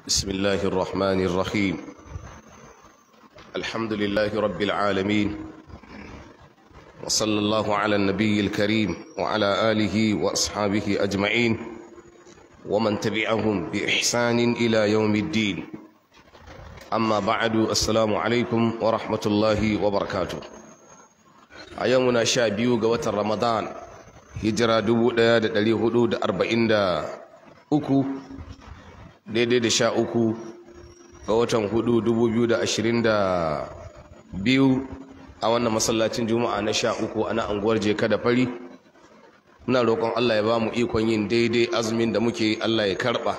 بسم الله الرحمن الرحيم الحمد لله رب العالمين وصلى الله على النبي الكريم وعلى آله وأصحابه أجمعين ومن تبعهم بإحسان إلى يوم الدين أما بعد السلام عليكم ورحمة الله وبركاته أيامنا شابيو قوة رمضان هجرة دبو دا دا دا أربعين دا أكو daidai da sha uku ga watan hudu dubu biyu da ashirin da biyu a wannan masallacin juma'a na sha uku a na anguwar jeka da fari muna roƙon allah ya ba mu ikon yin daidai azumin da muke allah ya karɓa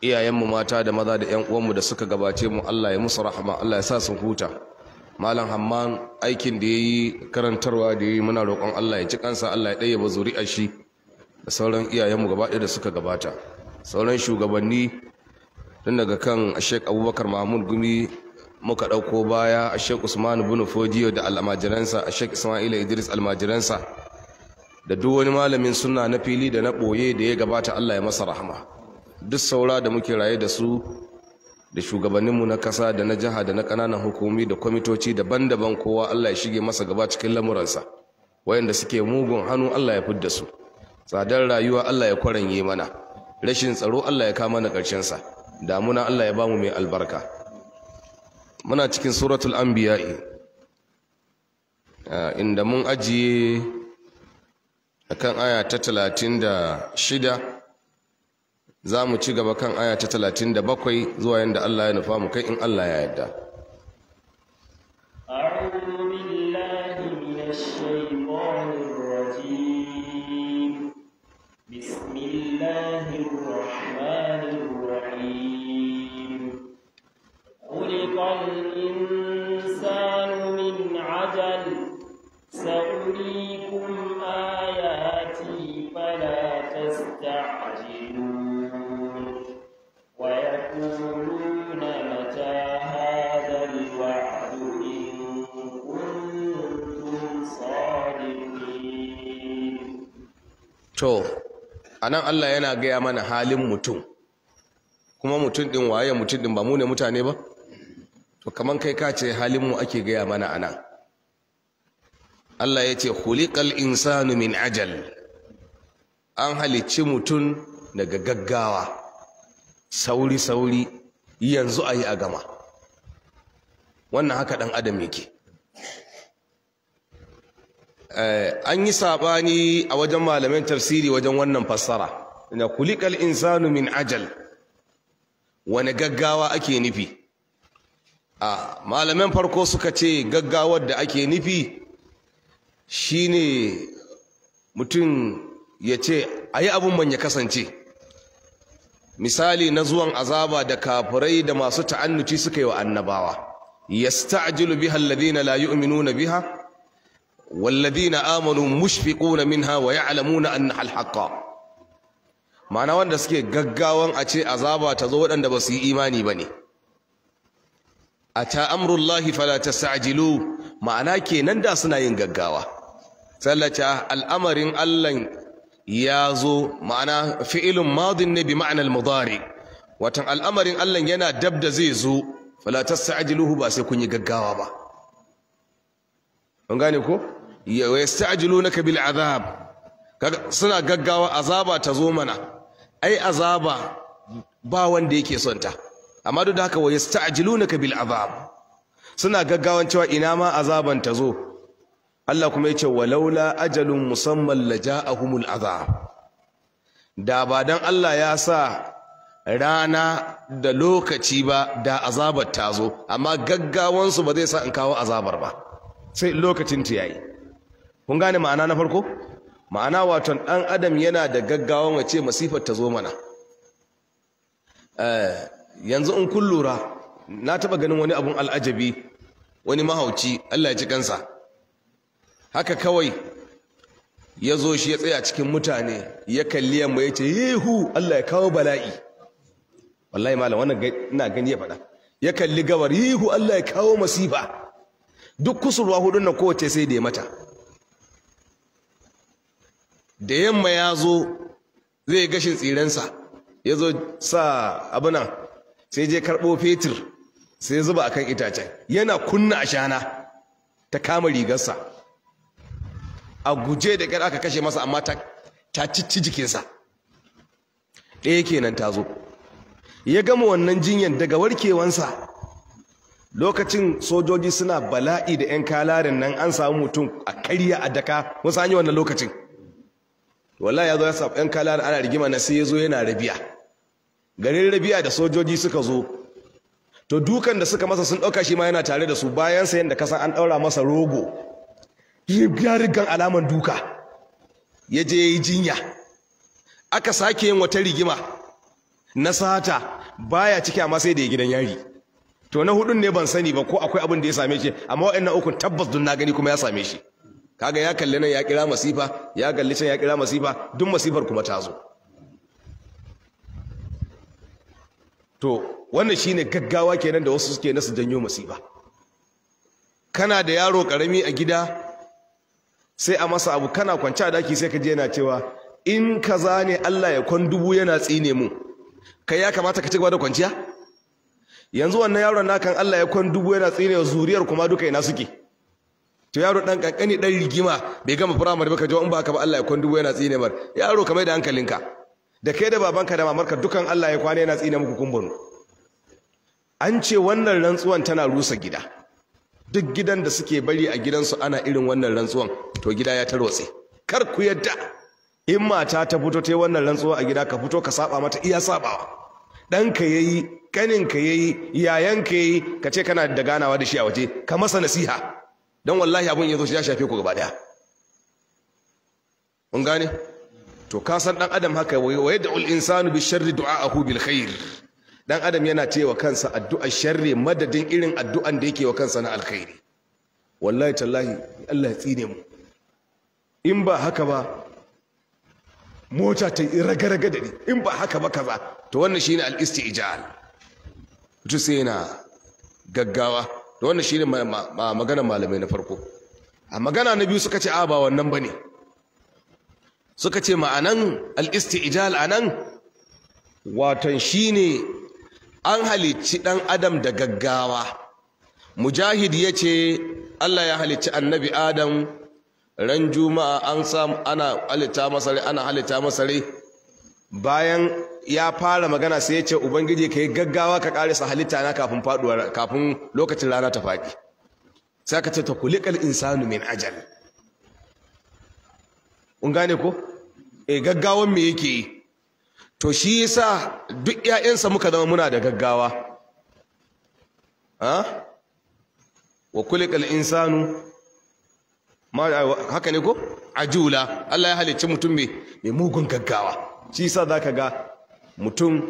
iyayenmu mata da maza da yan uwanmu da suka gabace mu allah ya musu rahama allah ya sa sun huta malam hamman aikin da ya yi karantarwa da ya yi muna roƙon allah ya ci kansa allah ya ɗaya ba zuri'ar shi da sauran iyayenmu gaba ɗaya da suka gabata sauran shugabanni tun daga kan ashek abubakar mahmud gumi muka ɗauko baya ashek usman bin fojiyo da almajiransa ashek ismaila idris almajiransa da duk wani malamin suna na fili da na ɓoye da ya gabata allah ya masa rahama duk saura da muke raye da su da shugabanninmu na kasa da na jiha da na ƙananan hukumi da kwamitoci daban-daban kowa allah ya shige masa gaba cikin lamuransa wayanda suke mugun hannu allah ya fidda su tsadar rayuwa allah ya kwaranye mana rashin tsaro Allah ya kama na ƙarshen sa damuna Allah ya bamu mai albarka muna cikin suratul anbiya inda mun ajiye akan aya ta 36 za mu ci gaba kan aya ta bakwai zuwa yanda Allah ya nufa mu kai in Allah ya yarda to anan Allah yana gaya mana halin mutum kuma mutum din waye mutum din ba mu ne mutane ba to kamar kai ka ce halin mu ake gaya mana anan Allah ya ce khuliqal insanu min ajal an halicci mutum daga gaggawa sauri sauri yanzu ayi a gama wannan haka dan adam yake Eh, an yi sabani a wajen malamin tafsiri wajen wannan fassara na kulikal insanu min ajal wani gaggawa ake nufi a malamin farko suka ce gaggawar da ake nufi shine mutum ya ce a yi abin ya kasance misali na zuwan azaba da kafirai da masu ta'annuci suka yi wa annabawa yasta'jilu biha alladhina la yu'minuna biha walladina amanu mushfiquna minha wa ya'lamuna annaha alhaka. ma'ana wanda suke gaggawan a ce azaba ta zo waɗanda ba su yi imani ba ne. ata amrullahi fala tastajilu ma'ana kenan da suna yin gaggawa sallata al'amarin Allah ya zo ma'ana fi'ilun madin ne bi ma'anar mudari watan al'amarin allan yana dab da zai zo fala tastajiluhu ba sai kun yi gaggawa ba an gane ko yasta'jilunaka bil azab suna gaggawa azaba ta zo mana ai azaba ba wanda yake son ta amma duk da haka wa bil azab suna gaggawan cewa ina ma azaban ta zo Allah kuma yace walaula ajalun musamman laja'ahumul azab da ba dan Allah ya sa rana da lokaci ba da azabar ta zo amma gaggawansu ba zai sa in kawo azabar ba sai lokacin ta yayi kun gane ma'ana na farko ma'ana wato ɗan adam yana da gaggawan wace masifar ta zo mana eh, yanzu in kun lura na taɓa ganin wani abun al'ajabi wani mahauci Allah ya ci kansa haka kawai ya zo shi ya tsaya cikin mutane ya kalli yamma ya ce yehu Allah ya kawo bala'i wallahi malam wannan ina gani ya faɗa ya kalli gabar yehu Allah ya kawo masifa duk kusurwa hudun na kowace sai da ya mata da yamma ya zo zai gashin tsirensa ya zo sa abinan sai je karɓo fetur sai zuba akan itacen yana kunna ashana ta kama rigarsa a guje da ƙyar aka kashe masa amma ta cici jikinsa ɗaya kenan ta zo ya gama wannan jinyan daga warkewansa lokacin sojoji suna bala'i da 'yan kalarin nan an samu mutum a karya a daka wasu an wannan lokacin wallahi ya zo ya sabu yan kala ana rigima na sai ya zo yana rabiya garin rabiya da sojoji suka zo to dukan da suka masa sun ɗauka shi ma yana tare da su bayan sa yanda kasa an ɗaura masa rogo ya rigan alaman duka ya je ya yi jinya aka sake yin wata rigima na sata baya ciki amma sai da ya gidan yari to na hudun ne ban sani ba ko akwai abin da ya same shi amma waɗannan ukun tabbas dun na gani kuma ya same shi kaga ya kalli nan ya kira masifa ya kalli can ya kira masifa duk masifar kuma ta zo to wannan shine gaggawa kenan da wasu suke nasu janyo masifa kana da yaro karami a gida sai a masa abu kana kwanci a daki sai ka je yana cewa in kaza ne Allah ya kwan dubu yana tsine mu kai ya kamata ka ci gaba da kwanciya yanzu wannan yaron nakan Allah ya kwan dubu yana tsine zuriyar kuma duka ina suke to yaro dan kankani dan rigima bai gama firamare ba ka jawo in ba ka ba Allah ya kwan dubu yana tsine mar yaro kamar da hankalinka da kai da babanka da mamarka dukan Allah ya kwana yana tsine muku kumbanu an ce wannan rantsuwan tana rusa gida duk gidan da suke bari a gidansu ana irin wannan rantsuwan to gida ya tarwatse kar ku yadda in mata ta fito ta yi wannan rantsuwa a gida ka fito ka saba mata iya sabawa ɗanka ya yi ƙaninka ya yi yayanka ya yi ka ce kana da ganawa da shi a waje ka masa nasiha don wallahi abin ya zo shi ya shafe ku gaba daya mun gane to ka san dan adam haka wa yad'u al-insanu bi sharri du'a'ahu bil khair dan adam yana wa kansa addu'a, sharri madadin irin addu'an da yake wa kansa na alkhairi wallahi tallahi Allah tsine mu in ba haka ba mota ta raga-raga da ni in ba haka ba kaza to wannan shine al-isti'jal to sai na gaggawa da wannan shine magana malamai na farko a magana na biyu suka ce a ba wannan bane suka ce ma'anan al-istijal anan shi shine an halicci ɗan adam da gaggawa mujahid ce Allah ya halicci annabi adam ran juma'a an samu ana halitta masare ana halitta bayan ya fara magana sai ya ce ubangiji ka yi gaggawa ka sa halitta na kafin faduwar kafin lokacin rana ta faɗi sai ka ce ta kulikal insanu min ajal kun gane ko e gaggawan me yake yi to shi yasa duk ƴaƴansa muka zama muna da gaggawa ha ah? wa kulikal insanu ma haka ne ko ajula Allah ya halicci mutum me mai mugun gaggawa shi yasa zaka ga mutum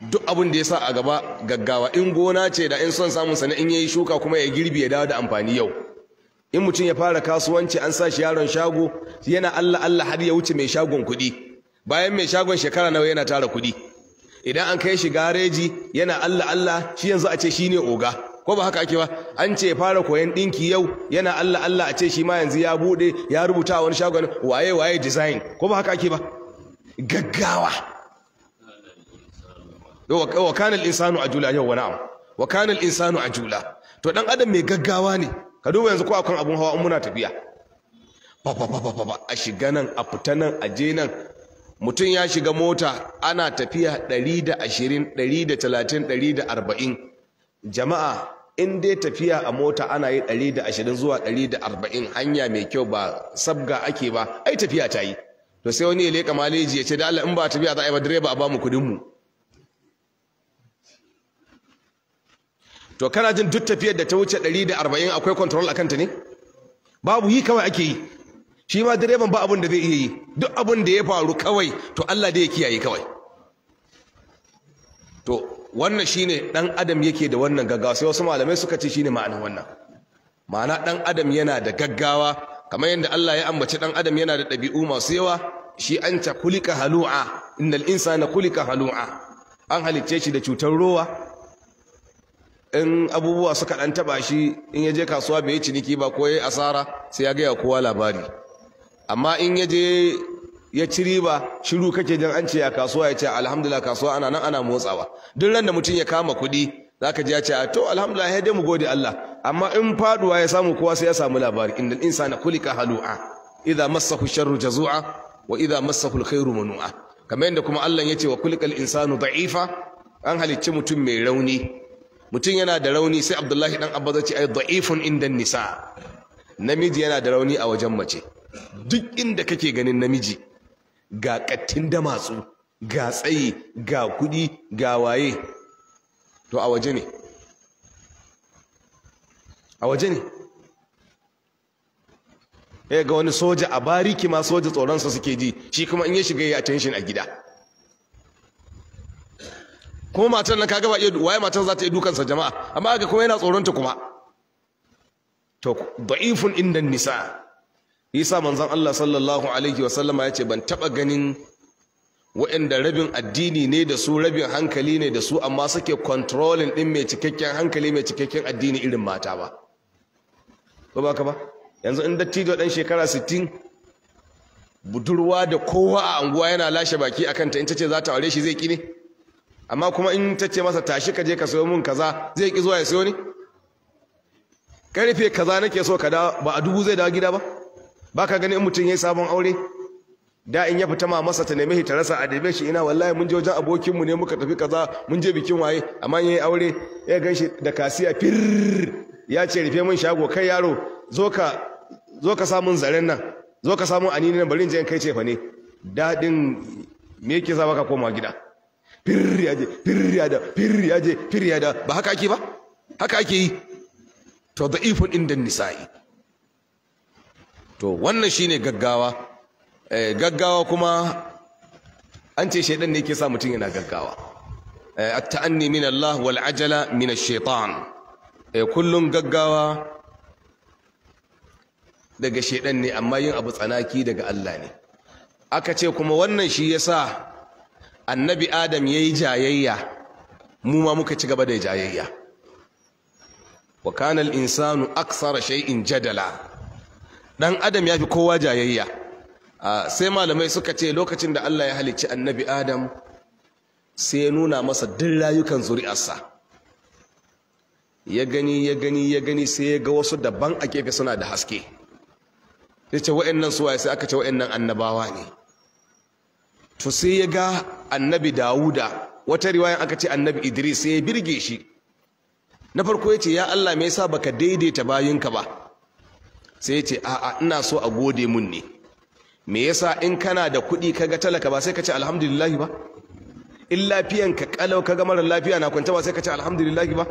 duk abin da ya sa a gaba gaggawa in gona ce da in son samun sana in yayi shuka kuma ya girbi ya dawo da amfani yau in mutum ya fara kasuwanci an sa shi yaron shago yana Allah Allah har ya wuce mai shagon kuɗi bayan mai shagon shekara nawa yana tara kuɗi idan an kai shi gareji yana Allah Allah shi yanzu a ce shine oga ko ba haka ake ba an ce fara koyan dinki yau yana Allah Allah a ce shi ma yanzu ya bude ya rubuta wani shagon waye waye design ko ba haka ake ba gaggawa wa kana al-insanu ajula yau wa na'am wa kana al-insanu ajula to dan adam mai gaggawa ne ka duba yanzu ko akwai abun hawa in muna tafiya ba ba ba ba a shiga nan a fita nan a je nan mutum ya shiga mota ana tafiya 120 130 140 jama'a in dai tafiya a mota ana yi 120 zuwa 140 hanya mai kyau ba sabga ake ba ai tafiya ta yi to sai wani ya leka maleji ya ce da Allah in ba tafiya za a yi ba direba a ba mu kudin mu to kana jin duk tafiyar da ta wuce 140 akwai control akan ta ne babu yi kawai ake yi shi ma direban ba abin da zai iya yi duk abun da ya faru kawai to Allah dai ya kiyaye kawai to wannan shine dan adam yake da wannan gaggawa sai wasu malamai suka ce shine ma'anar wannan ma'ana ɗan adam yana da gaggawa kamar yadda Allah ya ambaci dan adam yana da ɗabi'u masu yawa shi an ta kulika halu'a innal insana kulika halu'a an halicce shi da cutar rowa in abubuwa suka dan taba shi in yaje kasuwa bai ciniki ba ko yayi asara sai ya gaya kowa labari amma in yaje ya ci riba shiru kake jin an ce ya kasuwa ya ce alhamdulillah kasuwa ana nan ana motsawa duk ran da mutum ya kama kuɗi zaka ji ya ce to alhamdulillah ya dai mu gode Allah amma in faduwa ya samu kowa sai ya samu labari innal insana kulika halu'a idza massahu sharru jazua wa idza massahu alkhairu manu'a kamar yadda kuma Allah ya ce wa kulikal insanu da'ifa an halicci mutum mai rauni mutum yana da rauni sai abdullahi dan abba zai ce ai da'ifun inda nisa namiji yana da rauni a wajen mace duk inda kake ganin namiji ga kattin da matsu ga tsayi ga kudi ga waye to a waje ne a waje ne eh ga wani soja a bariki ma soja tsoron su suke ji shi kuma in ya shiga ya attention a gida kuma matan nan kaga ba iya waye matan za ta iya dukansa jama'a amma kaga kuma yana tsoronta kuma to da'ifun inda nisa yasa manzon Allah sallallahu alaihi wa sallama yace ban taba ganin waɗanda rabin addini ne da su rabin hankali ne da su amma suke controlling din mai cikakken hankali mai cikakken addini irin mata ba ba baka ba yanzu in dattijo dan shekara 60 budurwa da kowa a anguwa yana lashe baki akan ta in tace za ta aure shi zai ki ne amma kuma in ta ce masa tashi ka je ka sayo mun kaza zai ki zuwa ya sayo ni karfe kaza nake so ka dawo ba a dubu zai dawo gida ba ba ka gani in mutum ya yi sabon aure da in ya fita ma masa ta neme shi ta rasa a dabe shi ina wallahi mun je wajen mu ne muka tafi kaza mun je bikin waye amma yayi aure ya gan da kasiya fir ya ce rufe mun shago kai yaro zo ka zo ka samun zaren nan zo ka samun anini nan bari in je kai ce fa ne dadin me yake sa baka koma gida firriya je firriya da je ba haka ake ba haka ake yi to da'ifun inda nisa'i to wannan shine gaggawa eh, gaggawa kuma an ce shaidan ne yake sa mutum yana gaggawa eh, at-ta'anni min Allah wal ajala min ash-shaytan eh, kullun gaggawa daga shaidan ne amma yin abu tsanaki daga Allah ne aka ce kuma wannan shi yasa annabi adam ya yi jayayya mu ma muka ci gaba da jayayya wa kana al-insanu aksara shay'in jadala dan adam ya fi kowa jayayya sai malamai suka ce lokacin da Allah ya halicci annabi adam sai ya nuna masa duk rayukan zuri'arsa ya gani ya gani ya gani sai ya ga wasu daban a kefe suna da haske ya ce wa'annan suwaye sai aka ce wa'annan annabawa ne to sai ya ga annabi dawuda wata riwayan aka ce annabi idris sai ya birge shi na farko ya ce ya allah me yasa baka daidaita bayinka ba sai ya ce a'a ina so a gode mun ne me yasa in kana da kuɗi kaga talaka ba sai ka ce alhamdulillahi ba in lafiyanka kalau kaga mara lafiya na kwanta ba sai ka ce alhamdulillahi ba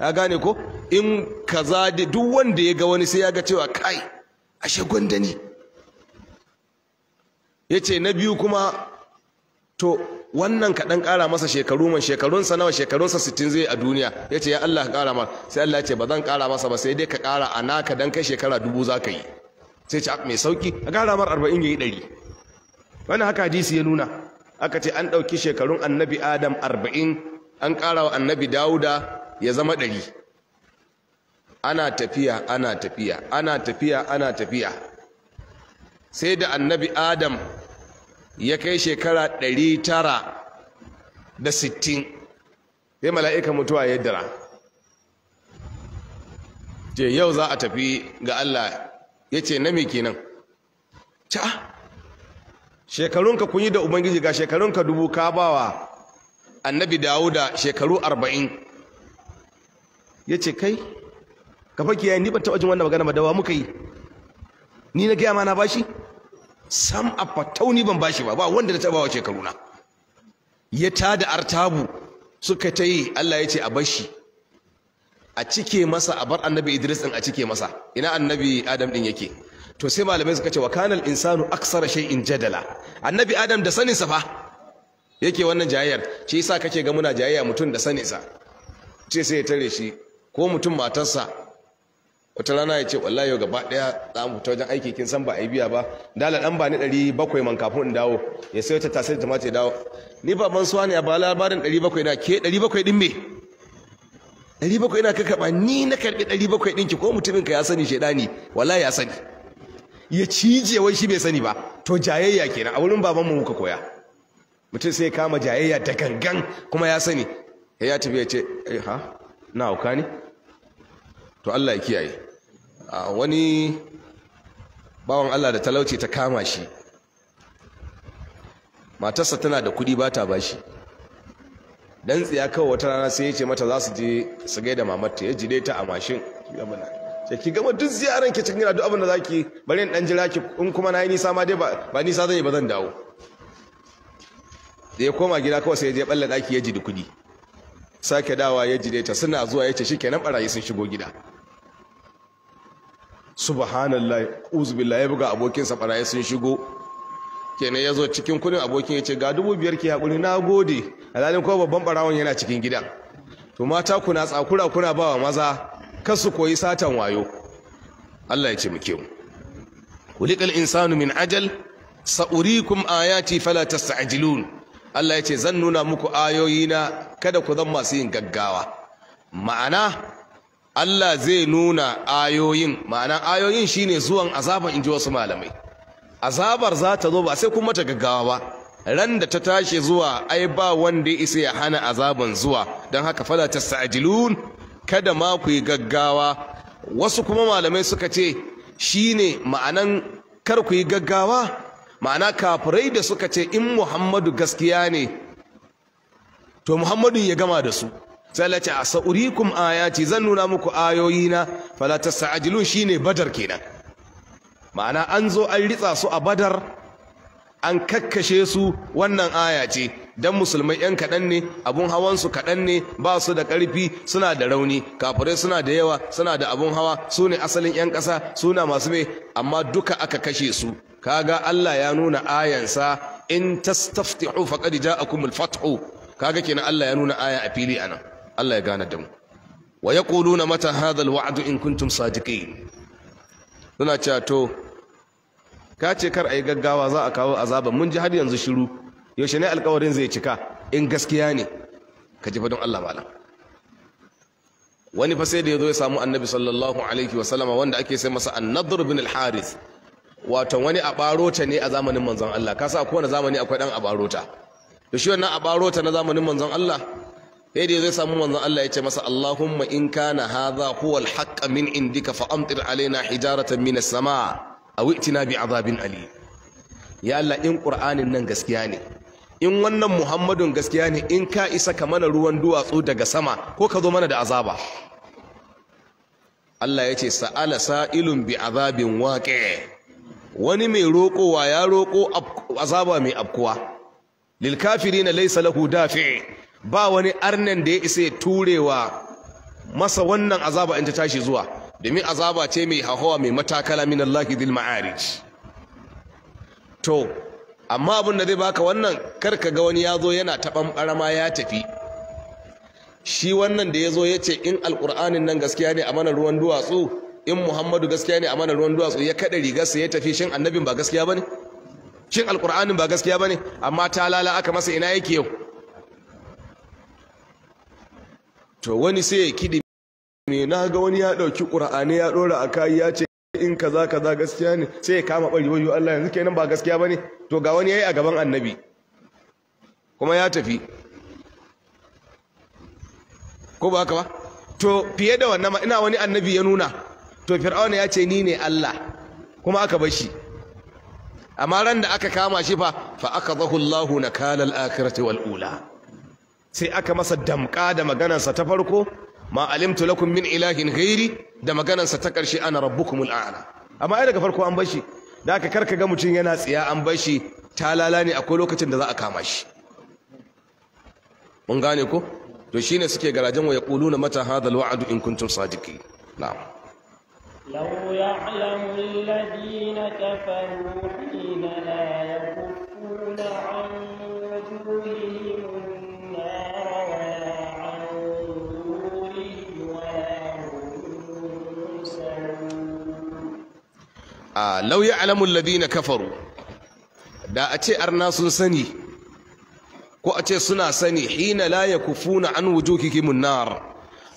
ya gane ko in kaza duk wanda ya ga wani sai ya ga cewa kai ashe gwanda ne yace na biyu kuma to wannan kaɗan ƙara kara masa shekaru man shekarunsa nawa shekarunsa 60 zai a duniya yace ya Allah ka kara masa sai Allah ce ba zan kara masa ba sai dai ka kara a naka dan kai shekara dubu zaka yi sai ce ah, mai sauki a kara mar 40 yayi 100 wannan haka hadisi ya nuna aka ce an dauki shekarun annabi Adam 40 an kara wa annabi Dawuda ya zama 100 ana tafiya ana tafiya ana tafiya ana tafiya sai da annabi Adam ya kai shekara ɗari tara da sittin sai mala'ika mutuwa ya dira ce yau za a tafi ga Allah ya ce na miki nan. ca ah, shekarunka kun da ubangiji ga shekarunka dubu ka bawa annabi dawuda shekaru arba'in ya ce kai ka fake ni ba taɓa jin wannan magana ba dawa muka yi ni na gaya ma na bashi sam a fatauni ban bashi ba ba wanda na taba wa karuna ya tada artabu suka ta yi Allah ya ce a bashi a cike masa a bar annabi Idris din a cike masa ina annabi Adam din yake to sai malamai suka ce wa kanal insanu aksara in jadala annabi Adam da sanin sa fa yake wannan jayayyar shi yasa kake ga muna jayayya mutum da sanin sa ce sai ya tare shi ko mutum matarsa wata rana ya ce wallahi yau gaba daya za mu fita wajen aiki kin san ba a yi biya ba dala dan ba ni ɗari bakwai man kafin in dawo ya sai wata tasiri ta mace dawo ni ba man suwa ne a ba labarin 700 na ke 700 din me 700 ina na ka ni na karɓi 700 din ki ko mutumin ka ya sani shaidani wallahi ya sani ya cije wai shi bai sani ba to jayayya kenan a wurin baban mu kuka koya mutum sai kama jayayya ta gangan kuma ya sani ya tafi ya ce eh, ha na hauka ne to Allah ya kiyaye wani bawan Allah da talauci ta kama shi matarsa tana da kuɗi ba ta bashi dan tsiya kawai wata rana sai ya ce mata za su je su gaida mamarta ya jide ta a mashin sai ki gama duk ziyaran ki cikin duk abin da zaki bari in dan jira ki in kuma nayi nisa ma dai ba nisa zan yi ba zan dawo da ya koma gida kawai sai ya je balla daki ya jidi kudi sake dawa ya jide ta suna zuwa ya ce shikenan barayi sun shigo gida subhanallah ya buga abokinsa barayi sun shigo kenan ya zo cikin kudin abokin ya ce ga dubu biyar ki haƙuri na gode alhalin kuma babban barawon yana cikin gida to mata kuna tsakura kuna ba wa maza kar su koyi satan wayo Allah ya ce muke mu kulikal insanu min ajal sa'urikum ayati fala tasta'jilun Allah ya ce zan nuna muku ayoyina kada ku zan masu yin gaggawa ma'ana Allah zai nuna ayoyin ma'ana ayoyin shine zuwan azaban inji wasu malamai azabar za ta zo ba sai kuma ta gaggawa ba ran da ta tashi zuwa ai ba wanda ya isa ya hana azaban zuwa don haka fala tasajilun kada ma ku yi gaggawa wasu kuma malamai suka ce shine ma'anan kar ku yi gaggawa ma'ana kafirai da suka ce in Muhammadu gaskiya ne to Muhammadu ya gama da su salace a sa'urikun ayati zan nuna muku ayoyina fala shi ne badar kenan ma'ana an zo an ritsa su a badar an kakkashe su wannan aya don musulmai yan kaɗan ne abun hawansu kaɗan ne ba su da ƙarfi suna da rauni kafirai suna da yawa suna da abun hawa su ne asalin yan ƙasa suna masu mai amma duka aka kashe su kaga Allah ya nuna ayansa in tastaftihu faqad ja'akumul kaga kenan Allah ya nuna aya a fili anan Allah ya gane da mu wa ya yaquluna mata hadha alwa'd in kuntum sadiqin suna cewa to ka ce kar yi gaggawa za a kawo azaba mun ji har yanzu shiru yaushe ne alƙawarin zai cika in gaskiya ne ka ji fadin Allah malam wani fa sai da yazo ya samu annabi sallallahu alaihi wa wanda ake sai masa an-nadr bin al-harith wato wani abarota ne a zamanin manzon Allah ka sa kowane zamani akwai dan abarota barota to shi wannan abarota na zamanin manzon Allah sai da zai samu manzon Allah ya ce masa Allahumma in kana hadha huwa al-haqq min indika fa amtir alaina hijaratan min as-samaa aw itina bi azabin ali ya Allah in qur'anin nan gaskiya ne in wannan muhammadun gaskiya ne in ka isa ka mana ruwan duwatsu daga sama ko ka zo mana da azaba Allah ya ce sa'ala sa'ilun bi azabin waqi wani mai rokowa ya roko azaba mai afkuwa lil kafirina laysa lahu dafi' ba wani arnan da ya isa ya turewa masa wannan azaba in ta tashi zuwa domin azaba ce mai hahowa mai matakala min Allah dhil ma'arij to amma abin da zai baka wannan karka ga wani ya zo yana taban barama ya tafi shi wannan da ya zo ya ce in alƙur'anin nan gaskiya ne a mana ruwan duwatsu in muhammadu gaskiya ne a mana ruwan duwatsu ya kaɗa rigarsa ya tafi shin annabin ba gaskiya ba ne shin alƙur'anin ba gaskiya ba ne amma ta lala aka masa ina yake yau to wani sai ya kidi me na ga wani ya dauki qur'ani ya dora a kai ya ce in kaza kaza gaskiya ne sai ya kama bari wayo Allah yanzu kenan ba gaskiya bane to ga wani yayi a gaban annabi kuma ya tafi ko ba haka ba to fiye da wannan ma ina wani annabi ya nuna to fir'auna ya ce ni ne Allah kuma aka bar shi amma ran da aka kama shi fa fa akadhahu Allahu nakalal akhirati wal ula sai aka masa damƙa da maganarsa ta farko ma alimtu lakum min ilahin ghairi da maganarsa ta ƙarshe ana rabbukumul a'la amma ai daga farko an bashi da aka karka ga mutum yana tsiya an bashi ta ne akwai lokacin da za a kama shi mun gane ko to shine suke garajen wa yaquluna mata hadha wadu in kuntum sadiqin na'am لو يعلم الذين كفروا حين لا يكفون عن law ya'lamu na kafaru da a ce arna sun sani ko a ce suna sani hina la yakufuna an wujuhikum nar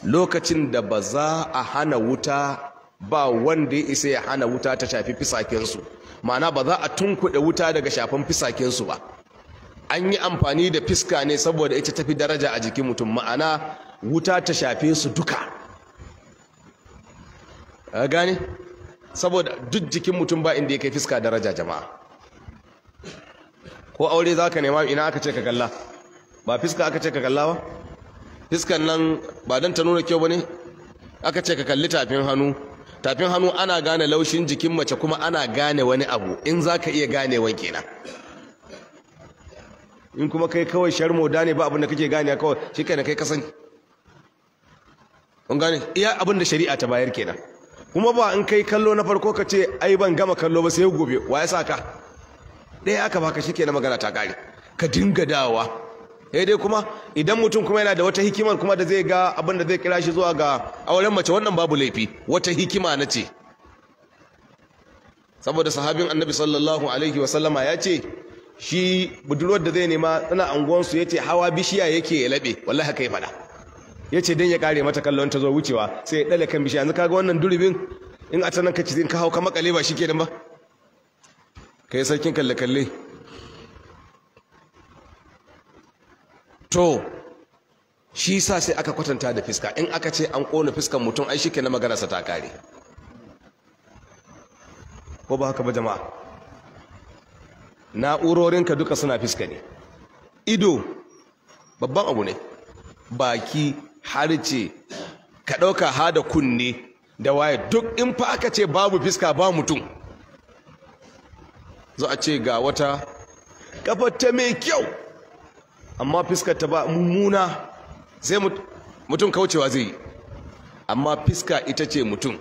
lokacin da ba za a hana wuta ba wanda ya isa ya hana wuta ta shafi fisakensu ma'ana ba za a tunkuɗe wuta daga shafin fisakensu ba an yi amfani da fiska ne saboda ita tafi daraja a jikin mutum ma'ana wuta ta shafe su duka gane saboda duk jikin mutum ba inda ya kai fiska daraja jama'a ko aure za ka nema ina aka ce ka kalla ba fiska aka ce ka kalla ba fiskan nan ba don ta nuna kyau ba ne aka ce ka kalli tafin hannu tafin hannu ana gane laushin jikin mace kuma ana gane wani abu in za ka iya gane wanke na. in kuma kai kawai moda ne ba abin da kake gane kawai shi kai kasan kun gane iya abin da shari'a ta bayar kenan kuma ba in kai kallo na farko ka ce ai ban gama kallo ba sai gobe wa ya saka ɗaya aka baka shi na magana ta ƙari. ka dinga dawa eh dai kuma idan mutum kuma yana da wata hikimar kuma da zai ga abin da zai kira shi zuwa ga auren mace wannan babu laifi wata hikima na ce saboda sahabin annabi sallallahu alaihi wa ya ce shi budurwar da zai nema tana anguwansu ya ce hawa bishiya yake ya laɓe wallahi ka ya faɗa ya ce don ya kare mata kallon ta zo wucewa sai ya ɗale kan bishiya yanzu kaga wannan durbin. in a tanan kaci in ka hau kama makale ba shi ke ba ka yi sarkin kalle-kalle to shi sa sai aka kwatanta da fiska in aka ce an ƙona fiskan mutum ai shi ke na maganarsa ta kare ko ba haka ba jama'a na'urorinka duka suna fiska ne ido babban abu ne baki harce ka ɗauka ha da kunne da waye duk in fa aka ce babu fiska ba mutum za a ce ga wata kafar mai kyau amma fiska ta ba mummuna sai mutum kaucewa zai yi amma fiska ita ce mutum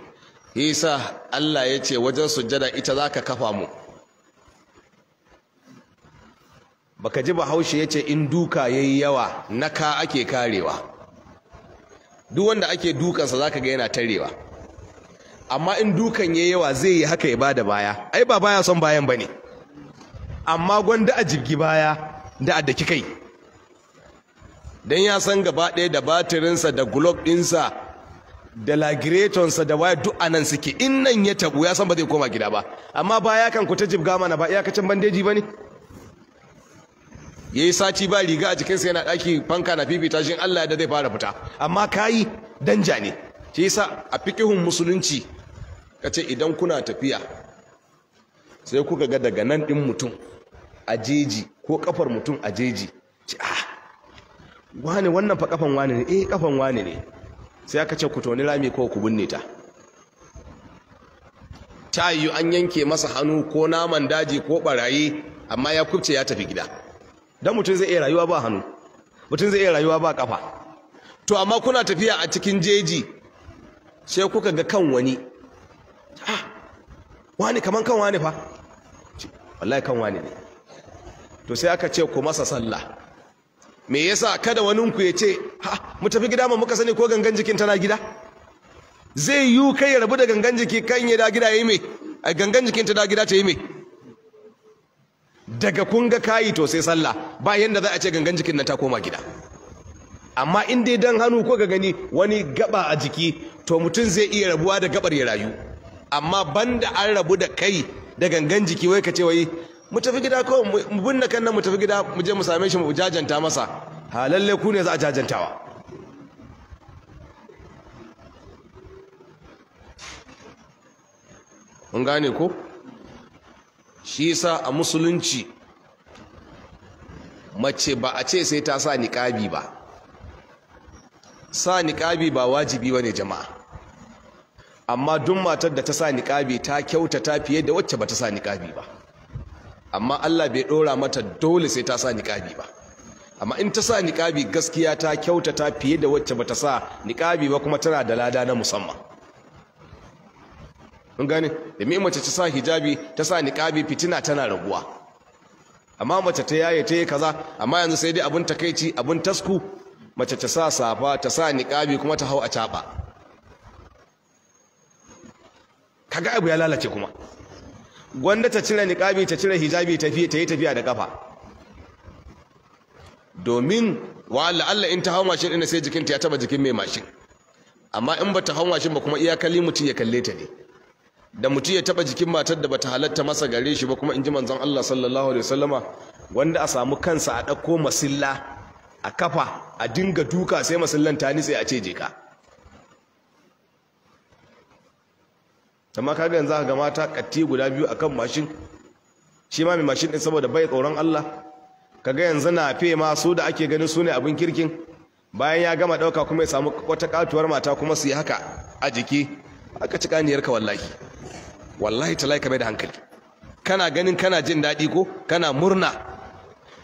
yasa Allah ya ce wajen sujjada ita za ka kafa mu baka ji bahaushe ya ce in duka ya yi yawa na naka ake karewa duk wanda ake dukansa zaka ga yana tarewa amma in dukan yayi yawa zai yi haka ya bada baya ai ba baya son bayan ba ne. amma gwanda a jirgi baya da a daki kai dan ya san gaba ɗaya da batirinsa da gulob ɗinsa da lagiretonsa da waya duk anan suke in nan ya tabu ya san ba zai koma gida ba amma baya kan ku ta jibga mana ba iyakacin bandeji ba ne ya yi sati ba riga a jikinsa yana ɗaki fanka na fifita shi Allah da zai fara fita amma ka yi danja ne yi sa a fikihun musulunci ka ce idan kuna tafiya sai kuka ga daga nan din mutum a jeji ko kafar mutum a jeji ce ah wane wannan fa kafan wane ne eh kafan wane ne sai aka ce ku toni rami ko ku binne ta ta yiwu an yanke masa hannu ko naman daji ko barayi amma ya kubce ya tafi gida don mutum zai iya rayuwa ba hannu mutum zai iya rayuwa ba kafa to amma kuna tafiya a cikin jeji sai kuka ga kan wani ah wani kaman kan wani fa wallahi kan wani ne to sai aka ce ku masa sallah me yasa kada ku ya ce ha mu tafi gida mu muka sani ko gangan jikin tana gida zai yi kai ya rabu da gangan jiki kan ya da gida yayi me gangan jikin ta da gida ta yi me daga kun ga kayi to sai sallah ba yanda za a ce gangan jikin nan ta koma gida amma in dai dan hannu ko ga gani wani gaba a jiki to mutum zai iya rabuwa da gabar ya rayu amma banda an rabu da kai da gangan jiki wai ka ce wai mu tafi gida ko mu binne kan nan mu tafi gida mu je mu same shi mu jajanta masa halalle ku ne za a jajantawa mun ko shi yasa a musulunci mace ba a ce sai ta sa niƙabi ba sa niƙabi ba wajibi bane jama'a amma duk matar da ta sa niƙabi ta kyautata fiye da wacce ba ta sa niƙabi ba amma Allah bai ɗora mata dole sai ta sa niƙabi ba amma in ta sa niƙabi gaskiya ta kyautata fiye da wacce ba ta sa niƙabi ba kuma tana da lada na musamman mun gane da mi mace ta sa hijabi ta sa niqabi fitina tana raguwa amma mace ta yaye ta yi kaza amma yanzu sai dai abin takeici abin tasku mace ta sa safa ta sa niqabi kuma ta hau a caba kaga abu ya lalace kuma gwanda ta cire niqabi ta cire hijabi ta yi tafiya da kafa domin wa Allah in ta hau mashin ina sai jikinta ya taba jikin mai mashin amma in ba ta hau mashin ba kuma iyakali mutum ya kalle ta ne da mutum ya taba jikin matar da bata halatta masa gare shi ba kuma in ji manzan Allah sallallahu alaihi wasallama wanda a samu kansa a ɗauko masilla a kafa a dinga duka sai masillan ta nitse a ce jeka amma kaga yanzu ga mata katti guda biyu akan mashin shi ma mai mashin ɗin saboda bai tsoron Allah ka ga yanzu na fe ma su da ake ganin su ne abin kirkin bayan ya gama ɗauka kuma ya samu wata katuwar mata kuma su yi haka a jiki aka ci ka wallahi wallahi talai ka bai da hankali kana ganin kana jin daɗi ko kana murna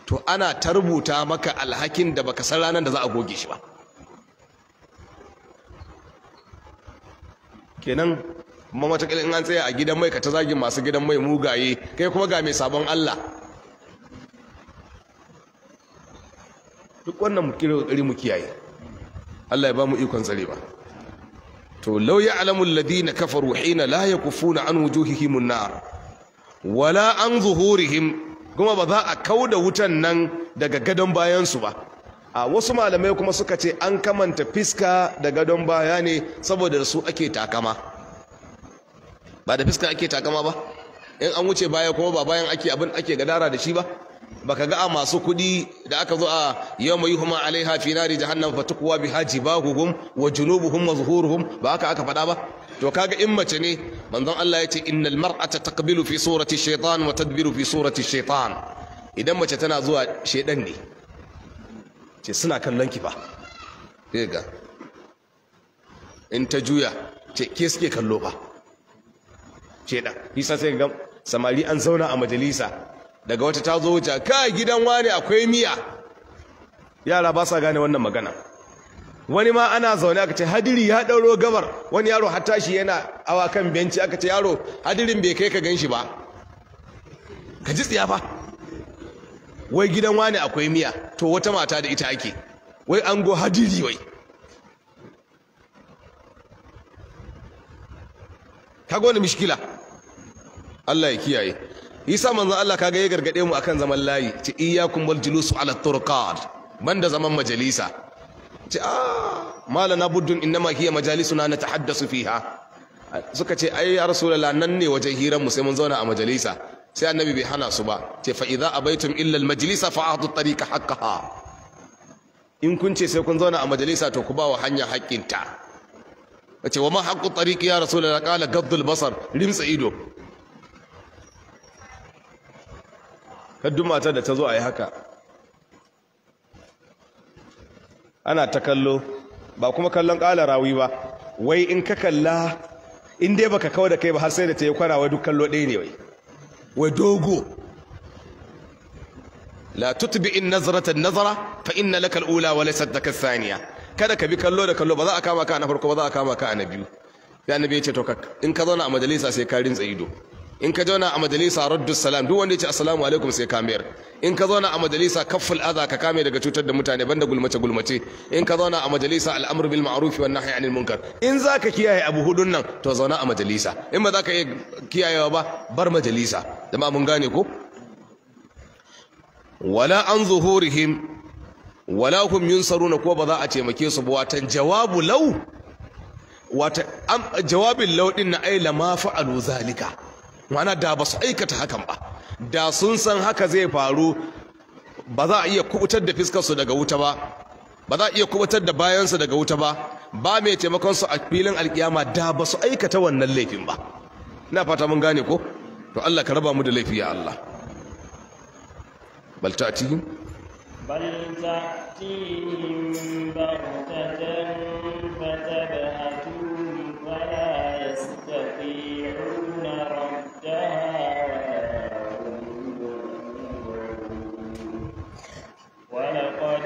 to ana ta rubuta maka alhakin da baka san ranar da za a goge shi ba kenan kuma matakil in an tsaya a gidan mai ka ta zagin masu gidan mai mugaye kai kuma ga mai sabon Allah duk wannan mu mu kiyaye Allah ya ba mu ikon tsare ba to law ya'lamu alladhina kafaru hina la na an wujuhihim himun na. wala an him kuma ba za a kau da wutan nan daga gadon bayansu ba a wasu malamai kuma suka ce an kamanta fiska da gadon baya ne saboda su ake takama ba da fiska ake takama ba in an wuce baya kuma ba bayan ake abin ake gadara da shi ba baka ga masu kuɗi da aka zo a yawma yuhma alaiha fi nari jahannam fatukwa biha jibahuhum wa junubuhum wa zuhuruhum ba haka aka faɗa ba to kaga in mace ne manzon Allah ya ce innal mar'ata taqbilu fi surati shaytan wa tadbiru fi surati shaytan idan mace tana zuwa shedan ne ce suna kallon ki fa ga in ta juya ce ke suke kallo fa shedan bisa sai ga samari an zauna a majalisa daga wata ta zo wuce kai gidan wani akwai miya yara ba sa gane wannan magana wani ma ana zaune aka ce hadiri ya ɗauro gabar wani yaro hatta shi yana awa kan benci aka ce yaro hadirin bai kai ka gan shi ba ka ji tsaya fa wai gidan wani akwai miya to wata mata da ita ake wai an go hadiri wai kaga wani mishkila Allah ya kiyaye yasa manzon Allah kaga ya gargade mu akan zaman layi ci iyyakum wal julusu ala turqat banda zaman majalisa ci a ah, malana buddun innama hiya majalisuna natahaddasu fiha suka ce ai ya rasulullah nan ne wajen hiran mu sai mun zauna a majalisa sai annabi bai hana su ba ce fa idza abaitum illa al majlisa fa ahdu tariqa haqqaha in kun ce sai kun zauna a majalisa to ku ba wa hanya haƙƙinta ce wa ma haqqu tariqi ya rasulullah qala gaddul basar rimsa ido duk matar da ta zo a yi haka ana ta kallo ba kuma kallon ƙala rawi ba wai in ka kalla in dai baka kawo da kai ba har sai da ta yi kwarawa duk kallo ɗaya ne wai wai dogo la tutbi in nazarata nazara fa inna laka al-ula wa laysat laka saniya kada ka bi kallo da kallo ba za a kama ka a na farko ba za a kama ka a na biyu sai annabi ya ce to in ka zauna a majalisa sai ka rintsa ido in ka zauna a majalisa raddu salam duk wanda ya ce assalamu alaikum sai ka mayar in ka zauna a majalisa kafful adha ka kame daga cutar da mutane banda gulmace gulmace in ka zauna a majalisa al'amr bil ma'ruf wan nahy anil munkar in zaka kiyaye abu hudun nan to zauna a majalisa in ba zaka iya kiyayewa ba bar majalisa jama'a mun gane ko wala an zuhurihim wala hum yunsaruna ko ba za a taimake su ba watan jawabu law wata jawabin law din na ai lama fa'alu zalika ma'ana da ba su aikata hakan ba da sun san haka zai faru ba za a iya kubutar da fiskarsu daga wuta ba ba za a iya kubutar da bayansu daga wuta ba ba mai taimakon su a filin alkiyama da ba su aikata wannan laifin ba ina fata mun gane ko to Allah ka raba mu da laifi ya Allah bal ta'tihim bal ta'tihim baghtatan fatabha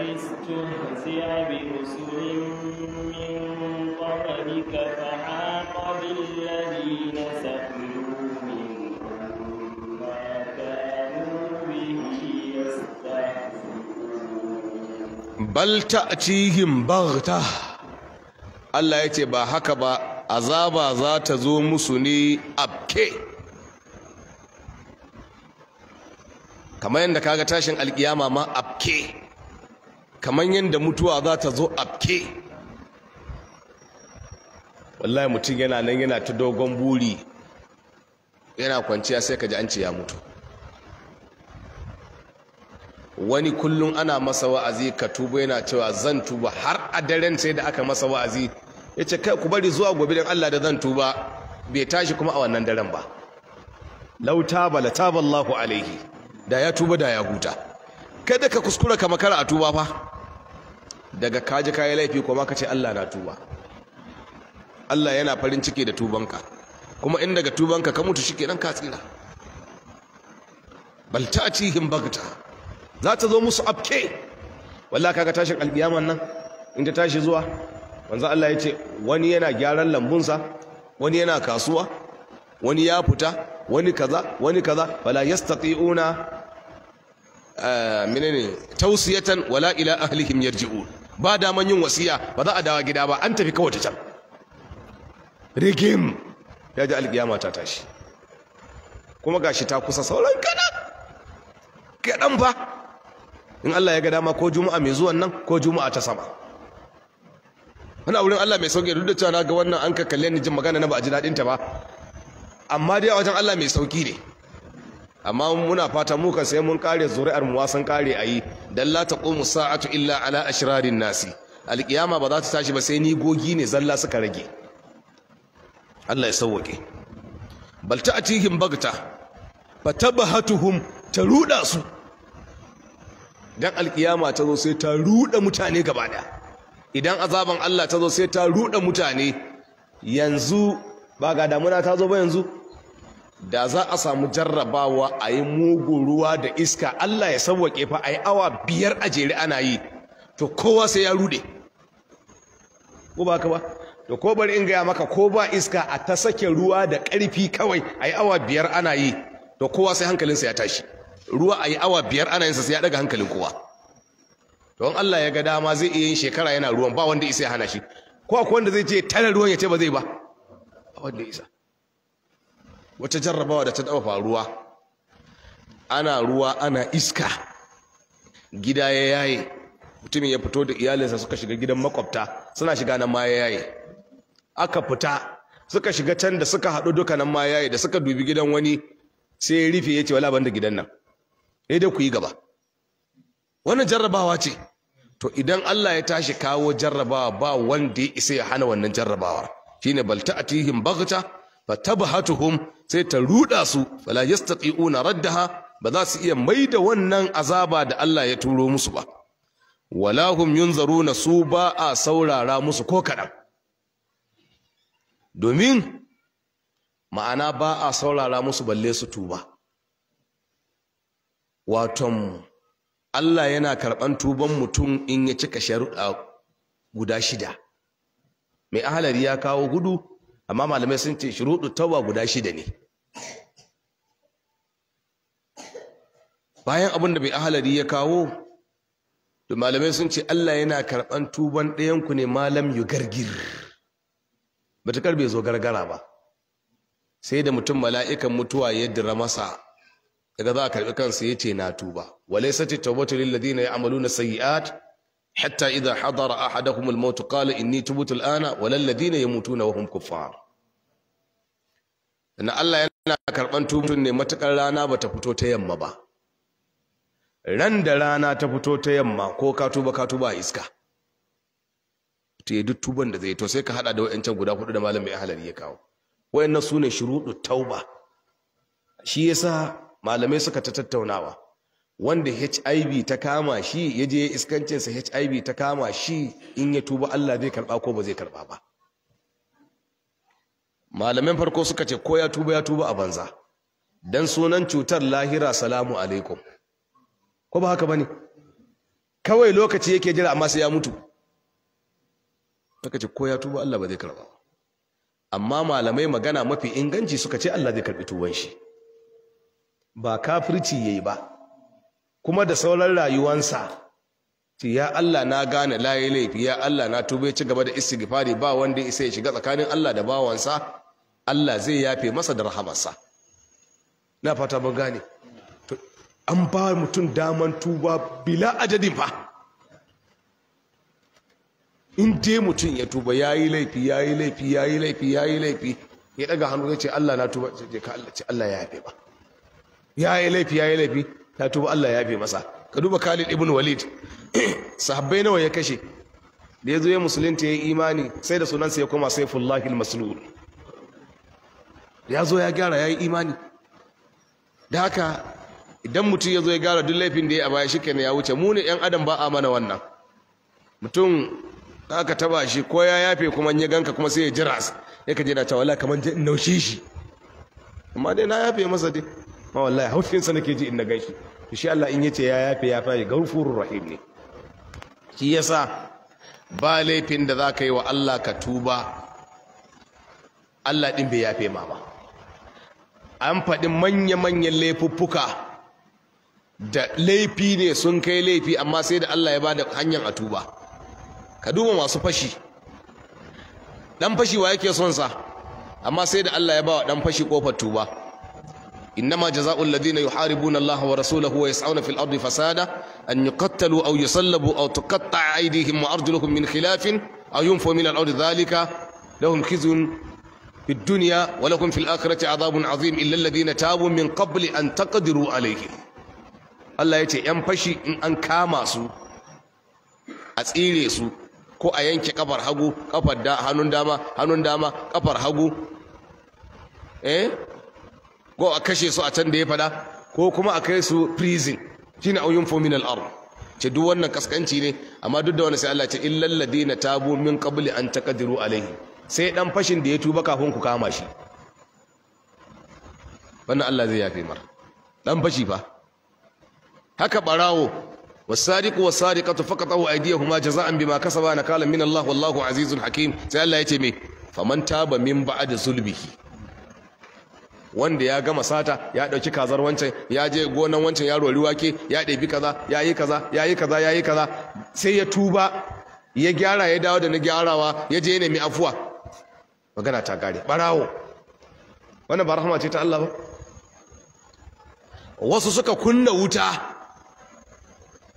Bal ta'a cikin barta. Allah ya ce ba haka ba, azaba zaɓa za ta zo musu ne apke. Kamar yadda ka ga tashin al'iyyama ma apke. kamar yadda mutuwa za ta zo afke wallahi mutum yana nan yana ta dogon buri yana kwanciya sai ka ji an ce ya mutu wani kullum ana masa wa'azi ka tuba yana cewa zan tuba har a daren sai da aka masa wa'azi ya ce kai ku bari zuwa gobe don Allah da zan tuba bai tashi kuma a wannan daren ba lauta taba Allahu alaihi da ya tuba da ya huta kai kada ka kuskura ka makara a tuba fa daga kaji kayi laifi kuma ka ce Allah na tuba Allah yana farin ciki da tubanka kuma in daga tubanka ka mutu shikenan ka tsira bal ta'tihim bagta za ta zo musu afke wallahi kaga tashin alkiyaman nan in ta tashi zuwa manzo Allah ya ce wani yana gyaran lambunsa wani yana kasuwa wani ya fita wani kaza wani kaza fala yastati'una Eh, menene tausiyatan wala ila ahlihim yarji'un ba daman yin wasiya ba za a dawo gida ba an tafi kawai ta can rigim ya ji alkiyama ta tashi kuma gashi ta kusa sauran kaɗan kaɗan ba in Allah ya ga dama ko juma'a mai zuwan nan ko juma'a ta sama wani wurin Allah mai sauki duk da cewa na ga wannan an ka kalle ni jin magana na ba a ji daɗinta ta ba amma dai a wajen Allah mai sauki ne amma muna fata muka sai mun kare zuri'ar mu wasan kare ayi dan la taqumu sa'atu illa ala ashrarin nasi alkiyama ba za ta tashi ba sai ni gogi ne zalla suka rage Allah ya sauke bal ta'tihim bagta fatabahatuhum ta ruda su dan alqiyama ta zo sai ta ruda mutane gaba daya idan azaban Allah ta zo sai ta ruda mutane yanzu ba ga damuna ta zo ba yanzu da za a samu jarrabawa a yi mugun ruwa da iska Allah ya sauwaƙe fa a yi awa biyar a jere ana yi to kowa sai ya rude ko ba ka ba to ko bari in gaya maka ko ba iska a ta sake ruwa da ƙarfi kawai a yi awa biyar ana yi to kowa sai hankalinsa ya tashi ruwa a yi awa biyar ana yinsa sai ya ɗaga hankalin kowa don Allah ya ga dama zai iya yin shekara yana ruwan ba wanda isa ya hana shi ko akwai wanda zai je tare ruwan ya ce ba zai ba wanda isa wata jarrabawa da ta taba faruwa ana ruwa ana iska gida ya yaye mutumin ya fito da iyalinsa suka shiga gidan makwabta suna shiga nan ma ya yaye aka fita suka shiga can da suka haɗu duka nan ma yaye da suka dubi gidan wani sai ya rufe ya ce wala ban da gidan nan sai dai ku yi gaba wannan jarrabawa ce to idan Allah ya tashi kawo jarrabawa ba wanda ya isa ya hana wannan jarrabawa shine bal tihin baghta fatabhatuhum sai ta ruda su fala yastati'una raddaha ba za su iya maida wannan azaba da Allah ya turo musu ba wala hum yunzaruna su ba a saurara musu ko kaɗan. domin ma'ana ba a saurara musu balle su tuba waton Allah yana karɓan tuban mutum in ya cika sharuɗa guda shida mai ahalari ya kawo gudu amma malamai sun ce shuruɗu tauba guda shida ne bayan abin da bai ahalari ya kawo da malamai sun ce Allah yana karɓan tuban ɗayanku ne malam yu gargir bai zo gargara ba sai da mutum mala'ikan mutuwa ya dira masa daga za a karɓi kansa ya ce na tuba walai sati tawbatu lil ladina ya'maluna sayyi'at hatta idza hadara ahaduhum al-maut qala inni tubtu al ne ya lal ladina yamutuna wa hum kuffar dan karban ne matakar rana bata fito ta yamma ba ran da rana ta fito ta yamma ko ka tuba ka tuba iska to ya duk tuban da zai to sai ka hada da wayancan guda hudu da malamin ahlali ya kawo wayannan sune shuruɗu tauba shi yasa malamai suka ta tattaunawa wanda HIV ta kama shi ya je iskancinsa HIV ta kama shi in ya tuba Allah zai karba ko ba zai karba ba malamin farko suka ce ko ya tuba ya tuba a banza dan sunan cutar lahira salamu alaikum ko ba haka bane kawai lokaci yake jira amma sai ya mutu suka ce ko ya tuba Allah ba zai karba ba. amma malamai magana mafi inganci suka ce Allah zai karbi tuban shi ba kafirci yayi ba kuma da sauran rayuwansa ce ya Allah na gane layi laifi ya Allah na tube ci gaba da istighfari ba wanda isa ya shiga tsakanin Allah da bawansa Allah zai yafe masa da rahamarsa na fata mun gane an ba mutum daman tuba bila adadin fa in dai mutum ya tuba yi laifi yi laifi yi laifi yi laifi ya ɗaga hannu zai ce Allah na tuba ce ka Allah ce Allah ya yafe ba yi laifi yi laifi ya tuba Allah ya yafe masa ka duba Khalid ibn Walid sahabbai nawa ya kashe da ya zo ya musulunta ya yi imani sai da sunansa ya koma saifullahi maslul ya zo ya gyara ya yi imani da haka idan mutum ya zo ya gyara duk laifin da ya a baya shikenan ya wuce mu ne yan adam ba a mana wannan mutum aka taba shi ko ya yafe kuma ya ganka kuma sai ya jira ya kaje na wala kamar in naushe shi amma dai na yafe masa dai ma wallahi haushin sa nake ji in na gaishe to shi Allah in yace ya yafe ya fari gafurur rahim ne shi yasa ba laifin da zaka yi wa Allah ka tuba Allah din bai yafe ma ba an faɗi manya-manyan laifuffuka da laifi ne sun kai laifi amma sai da Allah ya bada hanyar a tuba ka duba masu fashi dan fashi wa yake son sa amma sai da Allah ya ba wa dan fashi kofar tuba إنما جزاء الذين يحاربون الله ورسوله ويسعون في الأرض فسادا أن يقتلوا أو يصلبوا أو تقطع أيديهم وأرجلهم من خلاف أو ينفوا من الأرض ذلك لهم خزي في الدنيا ولكم في الآخرة عذاب عظيم إلا الذين تابوا من قبل أن تقدروا عليهم الله يتي ينفشي إن أن كاماسوا أسئليسوا ko a yanke kafar hagu kafar da hannun dama hannun dama kafar hagu eh ko a kashe su a can da ya faɗa ko kuma a kai su prison shine auyun fomin al'ar ce duk wannan kaskanci ne amma duk da wani sai Allah ce illal ladina tabu min qabli an taqdiru alaihi sai dan fashin da ya tuba kafin ku kama shi wannan Allah zai yafe mar dan fashi fa haka barawo wasariqu wasariqatu bi ma kasa ba na nakala min Allah wallahu azizun hakim sai Allah ce me faman taba min ba'da zulbihi wanda ya gama sata ya dauki kazar wancan ya je gonan wancan ya rori wake ya ɗebi kaza ya yi kaza ya yi kaza ya yi kaza sai ya tuba ya gyara ya dawo da na gyarawa ya je ya nemi afuwa magana ta gare barawo wannan ba rahama ce ta Allah ba wasu suka kunna wuta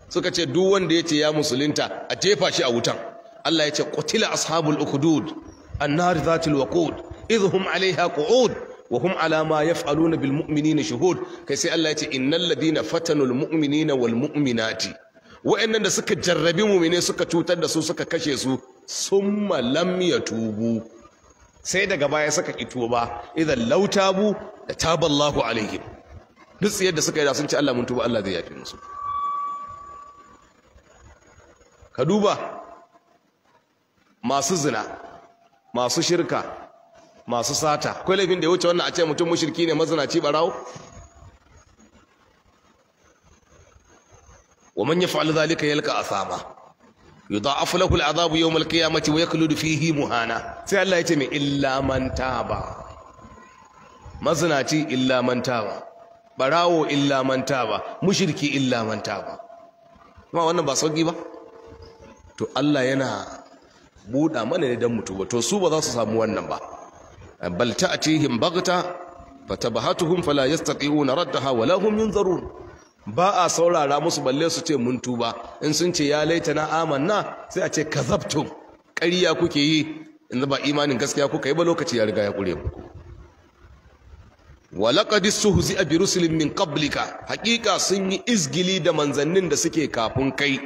suka ce duk wanda ya ce ya musulunta a jefa shi a wutan Allah ya ce qutila ashabul ukhdud annar zatil waqud idhum alaiha qu'ud wa hum ala ma yaf'aluna bil mu'minina shuhud kai sai Allah ya ce innal ladina fatanul mu'minina wal mu'minati da suka jarrabi muminai suka cutar da su suka kashe su summa lam yatubu sai daga baya suka kito ba idan lautabu da taballahu alaihim duk tsiyar da suka yi da sun ce Allah mun tuba Allah zai yafe musu ka duba masu zina masu shirka masu sata akwai laifin da ya wuce wannan a ce mutum mushirki ne mazinaci barawo wa man yaf'al zalika yalqa asama yudha'afu lahu al'adabu yawm al-qiyamati wa yakhludu fihi muhana sai Allah ya ce mai illa man taba mazinaci illa man taba barawo illa man taba mushriki illa man taba kuma wannan ba sauki ba to Allah yana buɗa mana ne dan mutu ba to su ba za su samu wannan ba bal ta'tihim baghta fatabahatuhum fala yastati'una hawa, wala hum yunzarun ba a saurara musu balle su ce mun tuba in sun ce ya na amanna sai a ce kazabtum ƙarya kuke yi inda ba imanin gaskiya kuka yi ba lokaci ya riga ya kure muku walaqad huzi a rusulin min qablika haqiqa sun yi izgili da manzannin da suke kafin kai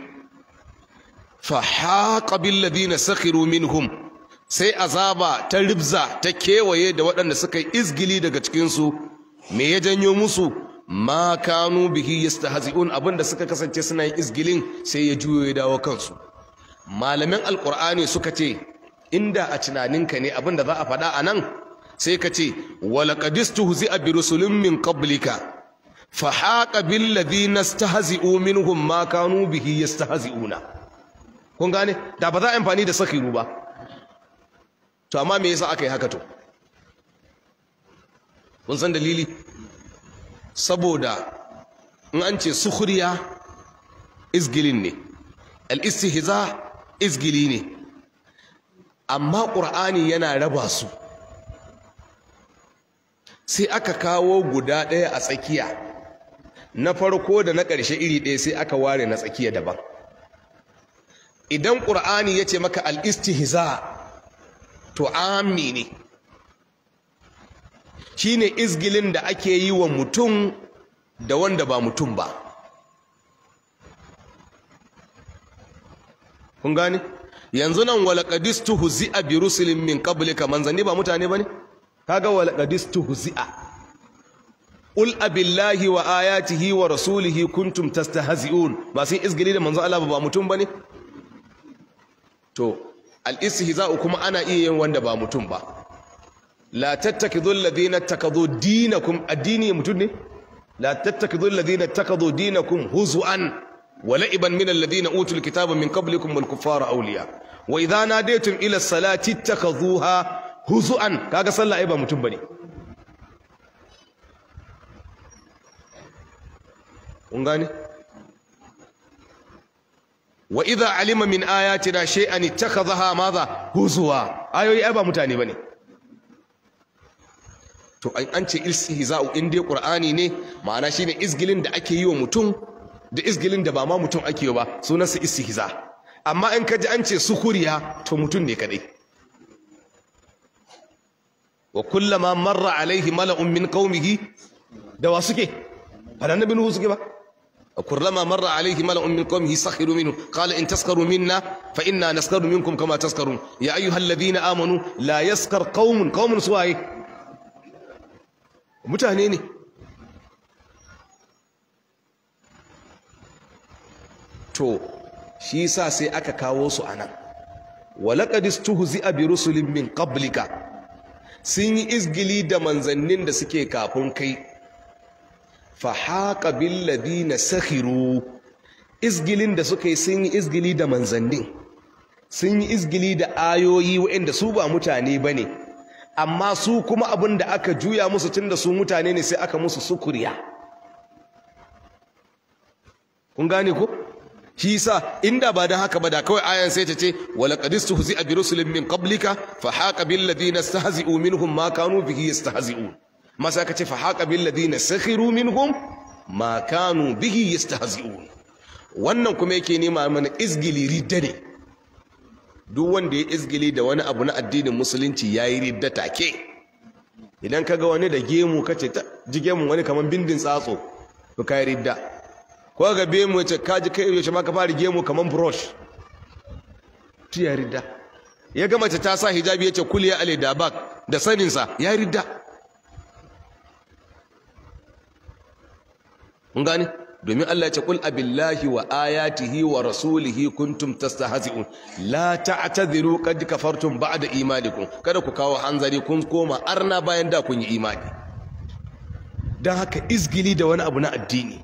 fa haqa bil ladina hum. sai azaba ta ribza ta kewaye da waɗanda suka yi izgili daga cikinsu me ya janyo musu ma kanu bihi yastahzi'un abinda suka kasance suna yin izgilin sai ya juyo ya dawo kansu malamin alqur'ani suka ce inda a tunaninka ne abinda za a faɗa a nan sai ka ce walaqad istuhzi'a bi rusulin min qablika fa haqa bil ladina istahzi'u minhum ma kanu bihi yastahzi'una kun gane da ba za a amfani da sakiru ba to amma me yasa aka yi haka to kun san dalili saboda in an ce sukhriya izgilin ne al-istihza izgili ne amma qur'ani yana raba su sai aka kawo guda ɗaya a tsakiya na farko da na ƙarshe iri ɗaya sai aka ware na tsakiya daban idan ƙur'ani ya ce maka al-istihza to ammi ne shine izgilin da ake yi wa mutum da wanda ba mutum ba kun gane yanzu nan walaqadistu huzi'a bi rusulin min qablika manzanni ba mutane bane kaga walaqadistu huzi'a ul abillahi wa ayatihi wa rasulihi kuntum tastahzi'un ba sun izgili da manzo Allah ba mutum bane to al-istihza'u kuma ana iya yin wanda ba mutum ba la tattakidhu alladhina takadhu dinakum addini mutum ne la tattakidhu alladhina takadhu dinakum huzuan wa la'iban min alladhina utul kitaba min qablikum wal kuffara awliya wa idha nadaytum ila as-salati takadhuha huzuan kaga sallah ai ba mutum bane kun gane wa idha alima min ayatina shay'an ittakhadhaha madha huzwa ayoyi ai ba mutane bane to an ce istihza'u in dai qur'ani ne ma'ana shine izgilin da ake yi wa mutum da izgilin da ba ma mutum ake yi ba sunansa istihza amma in kaji an ce sukuriya to mutum ne kadai wa kullama marra alaihi mala'un min qaumihi da wa suke ba suke ba كلما مر عليه ملأ من قومه سخروا منه قال إن تسخروا منا فإنا نسخر منكم كما تسخرون يا أيها الذين آمنوا لا يسخر قوم قوم سواي متهنيني تو shi yasa sai aka kawo su anan walaqad istuhzi'a bi rusulin min qablika sun yi izgili da manzannin da suke kafin kai fa haqa na ladina sakhiru izgilin da suka yi sun yi izgili da manzannin sun yi izgili da ayoyi waɗanda su ba mutane ba ne, amma su kuma abin da aka juya musu tun da su mutane ne sai aka musu sukuriya kun gane ko shi sa inda ba dan haka ba da kawai ayan sai ta ce walaqad istuhzi'a bi rusulin min qablika fa haqa bil ladina stahzi'u minhum ma kanu bihi yastahzi'un masa ka ce fa haqa bil ladina sakhiru minhum ma kanu bihi yastahzi'un wannan kuma yake nema mana izgili ridda ne duk wanda ya izgili da wani abu na addinin musulunci yayi ridda take idan kaga wani da gemu kace ta gemu wani kaman bindin tsatso to kai ridda ko ga be mu yace kaji kai yace ma ka fara gemu kaman brush ti ya ridda ya ga mace ta sa hijabi yace kuliya ale da bak da saninsa ya ridda mun gane domin Allah ya ce kul abillahi wa ayatihi wa rasulihi kuntum tastahzi'un la ta'tadhiru qad kafartum ba'da imanikum kada ku kawo hanzari kun koma arna bayan da kun yi imani dan haka izgili da wani abu na addini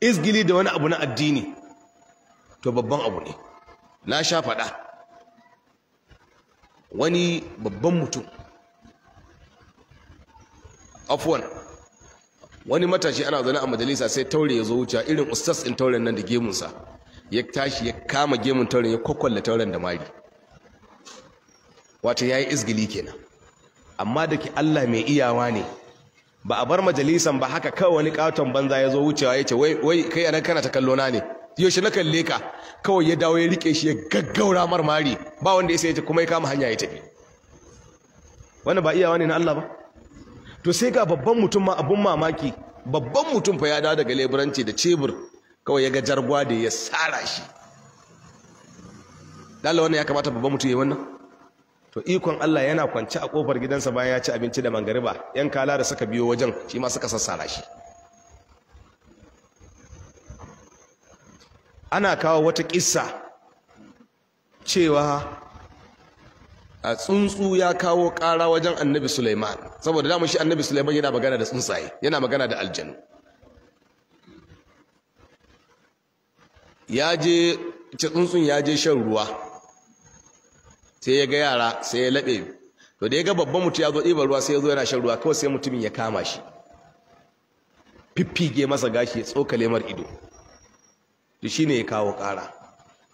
izgili da wani abu na addini to babban abu ne na sha faɗa wani babban mutum afwan wani matashi ana zaune a majalisa sai taure ya zo wuce irin ustas in tauren nan da gemunsa ya tashi ya kama gemun tauren ya kwakwalla tauren da mari wato ya yi izgili kenan amma da ke Allah mai iyawa ne ba a bar majalisan ba haka kawai wani katon banza ya zo wucewa ya ce wai kai anan kana ta kallo na ne yaushe na kalle ka kawai ya dawo ya rike shi ya gaggaura marmari ba wanda ya sai ya ce kuma ya kama hanya ya tafi wannan ba iyawa ne na Allah ba to sai ga babban mutum ma abun mamaki babban mutum fa ya dawo daga leburanci da cebur kawai ya ga jargwa da ya sara shi lalla wannan ya kamata babban mutum ya wannan to ikon Allah yana kwance a kofar gidansa bayan ya ci abinci da mangariba yan kala da suka biyo wajen shi ma suka sassara shi ana kawo wata kissa cewa a tsuntsu ya kawo ƙara wajen annabi Suleiman, saboda damun shi annabi Suleiman yana magana da tsuntsaye yana magana da aljanu ya je ci tsuntsun ya je shan ruwa sai ya ga yara sai ya laɓe to da ya ga babban mutum ya zo ɗiba ruwa sai ya zo yana shan ruwa kawai sai mutumin ya kama shi fiffige masa gashi ya tsokale mar ido to shine ya kawo ƙara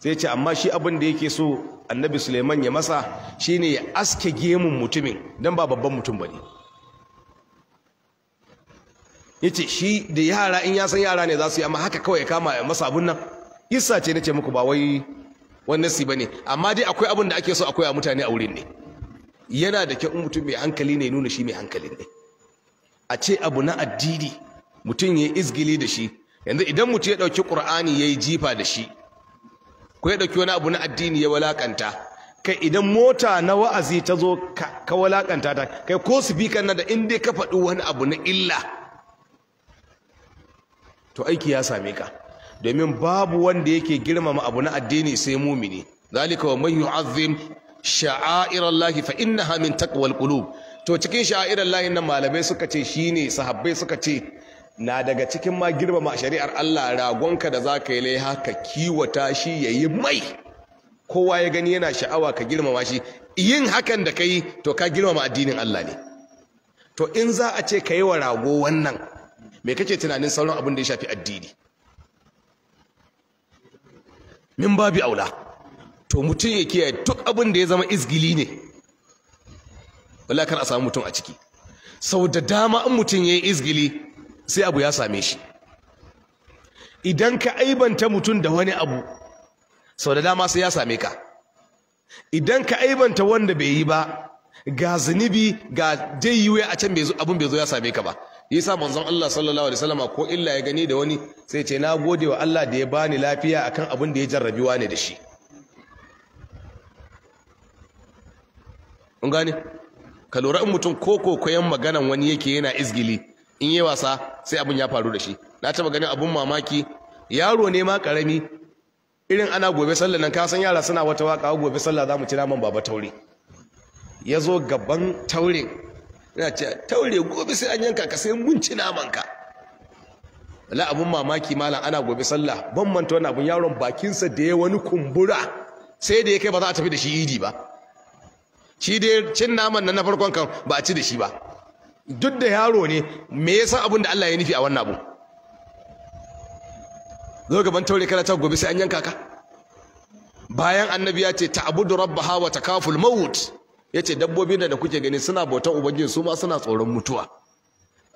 sai ce amma shi abin da yake so annabi suleiman ya masa shine ya aske gemun mutumin don ba babban mutum ba ne ya ce shi da yara in ya san yara ne za su yi amma haka kawai ya kama ya masa abun nan isa ce na ce muku ba wai wani nasi ba ne amma dai akwai abin da ake so akwai a mutane a wurin ne yana da kyau mutum mai hankali ne nuna shi mai hankali ne a ce abu na addini mutum ya yi izgili da shi yanzu idan mutum ya ɗauki ƙur'ani ya yi jifa da shi ko ya dauki wani abu na addini ya walakanta kai idan mota na wa'azi ta zo ka walakanta ta kai ko su speaker na da in dai ka faɗi wani abu na illa to aiki ya same ka domin babu wanda yake girmama abu na addini sai mumini zalika wa man yu'azzim lahi fa innaha min taqwal qulub to cikin sha'airallahi nan malamai suka ce shine sahabbai suka ce na daga cikin ma girmama shari'ar Allah ragonka da za ka yi laiha haka kiwata shi ya yi mai kowa ya gani yana sha'awa ka girmama shi yin hakan da ka yi to ka girmama addinin Allah ne to in za a ce ka yi wa rago wannan me kake tunanin sauran abin da ya shafi addini min babi aula to mutum ya kiyaye duk abin da ya zama izgili ne wallahi kar a samu mutum a ciki sau da dama in mutum ya yi izgili sai abu ya same shi idan ka aibanta mutum da wani abu sau da dama sai ya same ka idan ka aibanta wanda bai yi ba ga zunubi ga jayyuwa a can abin bai zo ya same ka ba yasa manzon Allah sallallahu alaihi wasallam ko illa ya gani da wani sai ce na gode wa Allah da ya bani lafiya akan abin da ya jarrabi ne da shi kun gane ka lura in mutum ko kokoyen maganan wani yake yana izgili in yi wasa sai abin ya faru da shi na taba ganin abin mamaki yaro ne ma karami irin ana gobe sallah nan kasan yara suna wata waka gobe sallah za mu ci naman baba taure ya zo gaban taure yana ce taure gobe sai an yanka ka sai mun ci naman ka la abun mamaki malam ana gobe sallah ban manta wani abin yaron bakinsa da ya wani kumbura sai da ya kai ba za a tafi da shi idi ba shi dai cin naman nan na farkon kan ba a ci da shi ba duk da yaro ne me san abin da Allah ya nufi a wannan abu zo gaban taure kana ta gobe sai an yanka ka bayan annabi ya ce ta'budu rabbaha wa takaful maut yace dabbobi da kuke gani suna bautan ubangiji su ma suna tsoron mutuwa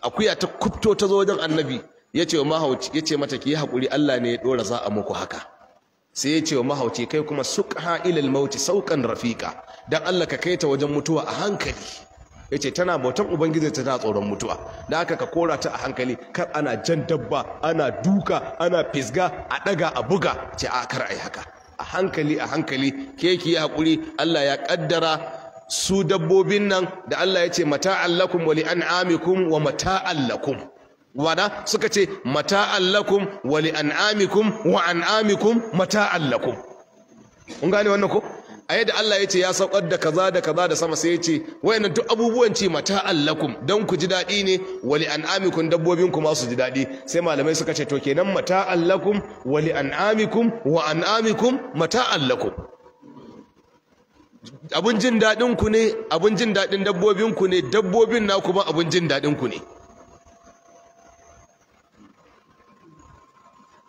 akuya ta kubto ta zo wajen annabi yace wa mahauci yace mata ki hakuri Allah ne ya dora za a muku haka sai ya ce wa mahauci kai kuma suqha ilal mauti saukan rafiqa don Allah ka kaita wajen mutuwa a hankali Yace tana bautan ubangiji ta tana tsoron mutuwa da haka ka kora ta a hankali kar ana jan dabba ana duka ana fisga a ɗaga a buga ce a kar a haka a hankali a hankali ke ki yi hakuri, allah ya ƙaddara su dabbobin nan da Allah ya ce mata'an lakum wa li'an'amikum wa mata'an wada suka ce mata'an lakum wa li'an'amikum wa an'amikum mata'an lakum kun gane wannan ko a yadda Allah ya ce ya saukar da kaza da kaza da sama sai ya ce wayannan duk abubuwan ce mata allakum don ku ji daɗi ne wali an'amikum dabbobin ku ma su ji daɗi sai malamai suka ce to kenan mata allakum wali an'amikum wa an'amikum mata allakum abun jin daɗin ku ne abun jin daɗin dabbobin ku ne dabbobin na kuma abun jin daɗin ku ne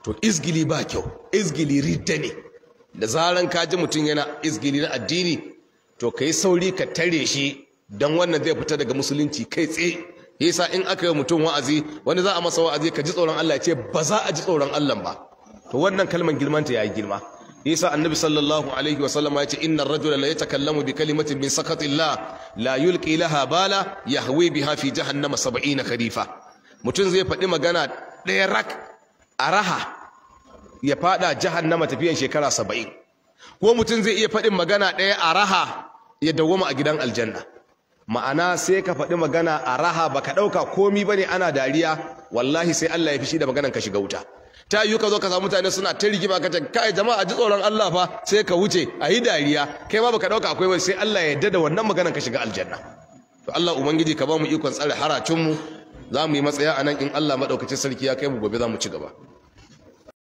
to izgili ba kyau izgili ridda ne da zaran ka ji mutum yana izgili na addini to ka yi sauri ka tare shi don wannan zai fita daga musulunci kai tsaye yasa in aka yi mutum wa'azi wani za a masa wa'azi ka ji tsoron Allah ya ce ba za a ji tsoron Allah ba to wannan kalman girmanta ya yi girma yasa annabi sallallahu alaihi wa sallama ya ce inna ar-rajula la yatakallamu bi kalimatin min sakatillah la yulqi laha bala yahwi biha fi jahannama 70 mutum zai faɗi magana ɗaya rak a raha ya fada na tafiyan shekara saba'in ko mutum zai iya faɗin magana daya a raha ya dawoma a gidan aljanna ma'ana sai ka faɗi magana a raha baka ɗauka komi bane ana dariya wallahi sai Allah ya fishi da maganan ka shiga wuta ta yi ka zo ka samu mutane suna ta rigima ka ce kai jama'a ji tsoron Allah fa sai ka wuce a yi dariya kai ma baka ɗauka akwai wani sai Allah ya yarda da wannan maganan ka shiga aljanna to Allah ubangiji ka ba mu ikon tsare haracin mu za mu yi matsaya a nan in Allah maɗaukacin sarki ya kai mu gobe za mu ci gaba